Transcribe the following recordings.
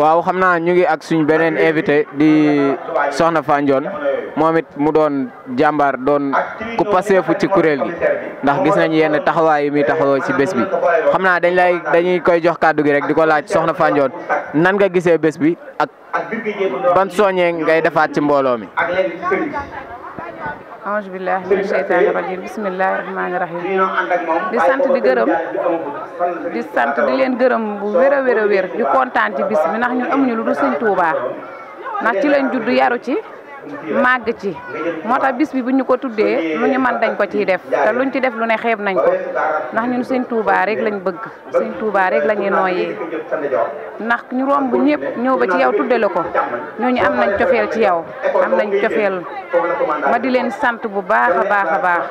waaw xam naa ñu ngi ak suñ beneen invité di Soxna Fandione moom it mu doon jàmbaar doon ku paseefu ci kuréel gi ndax gis nañ yenn taxawaay yi muy taxawoo ci bés bi xam naa dañ lay dañuy koy jox kàddu gi rek di ko laaj Soxna Fandione nan nga gisee bés bi ak ban soññee ngay defaat ci mbooloo mi. auzu billaahi mina sheytaani rajiim bismillaahi rahmaani rahiim di sant di gërëm di sant di leen gërëm bu wér a wér di kontaan ci bis bi ndax ñun amuñu lu dul sëñ Tuubaa ndax ci lañ judd yaru ci màgg ci moo tax bis bi bu ñu ko tuddee lu ñu mën dañ ko ciy def te luñ ci def lu ne xeeb nañ ko ndax ñun seen Touba rek lañu bëgg sëñ Touba rek la ñuy nooyee ndax ñu romb ñëpp ñëw ba ci yow tudde la ko ñooñu am nañ cofeel ci yow am nañ cofeel ma di leen sant bu baax a baax a baax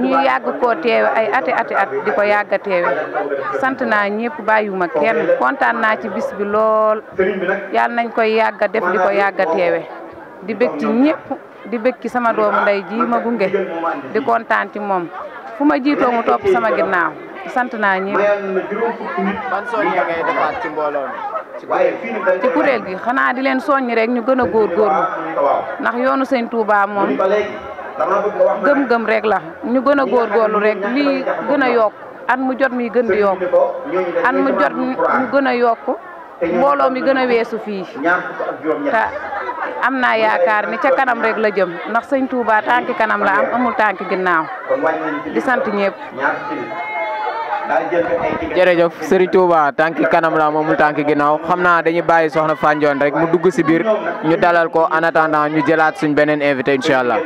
ñi yàgg koo teewe ay ati ati at di ko yàgg teewe sant naa ñëpp bàyyiwuma kenn kontaan naa ci bis bi lool yàlla nañ koy yàgg a def di ko yàgg teewe di bëgg ci ñëpp di bëgg ci sama doomu ndey ji ma gunge di kontaan ci moom fu ma jiitoo mu topp sama ginnaaw sant naa ñëpp. ci kuréel gi xanaa di leen soññi rek ñu gën a góorgóorlu ndax yoonu sëñ Touba moom gëm-gëm rek la ñu gën a góorgóorlu rek lii gën a yokk at mu jot mi gën mu jot gën a yokk mbooloo mi gën a weesu fii te am naa yaakaar ni ca kanam rek la jëm ndax sëñ Touba tànki kanam la am amul tànki ginnaaw di sant ñëpp. jërëjëf Serigne Touba tànki kanam la moomul tànki ginnaaw xam naa dañuy bàyyi soxna Fandione rek mu dugg si biir ñu dalal ko en attendant ñu jëlaat suñ beneen invité incha allah.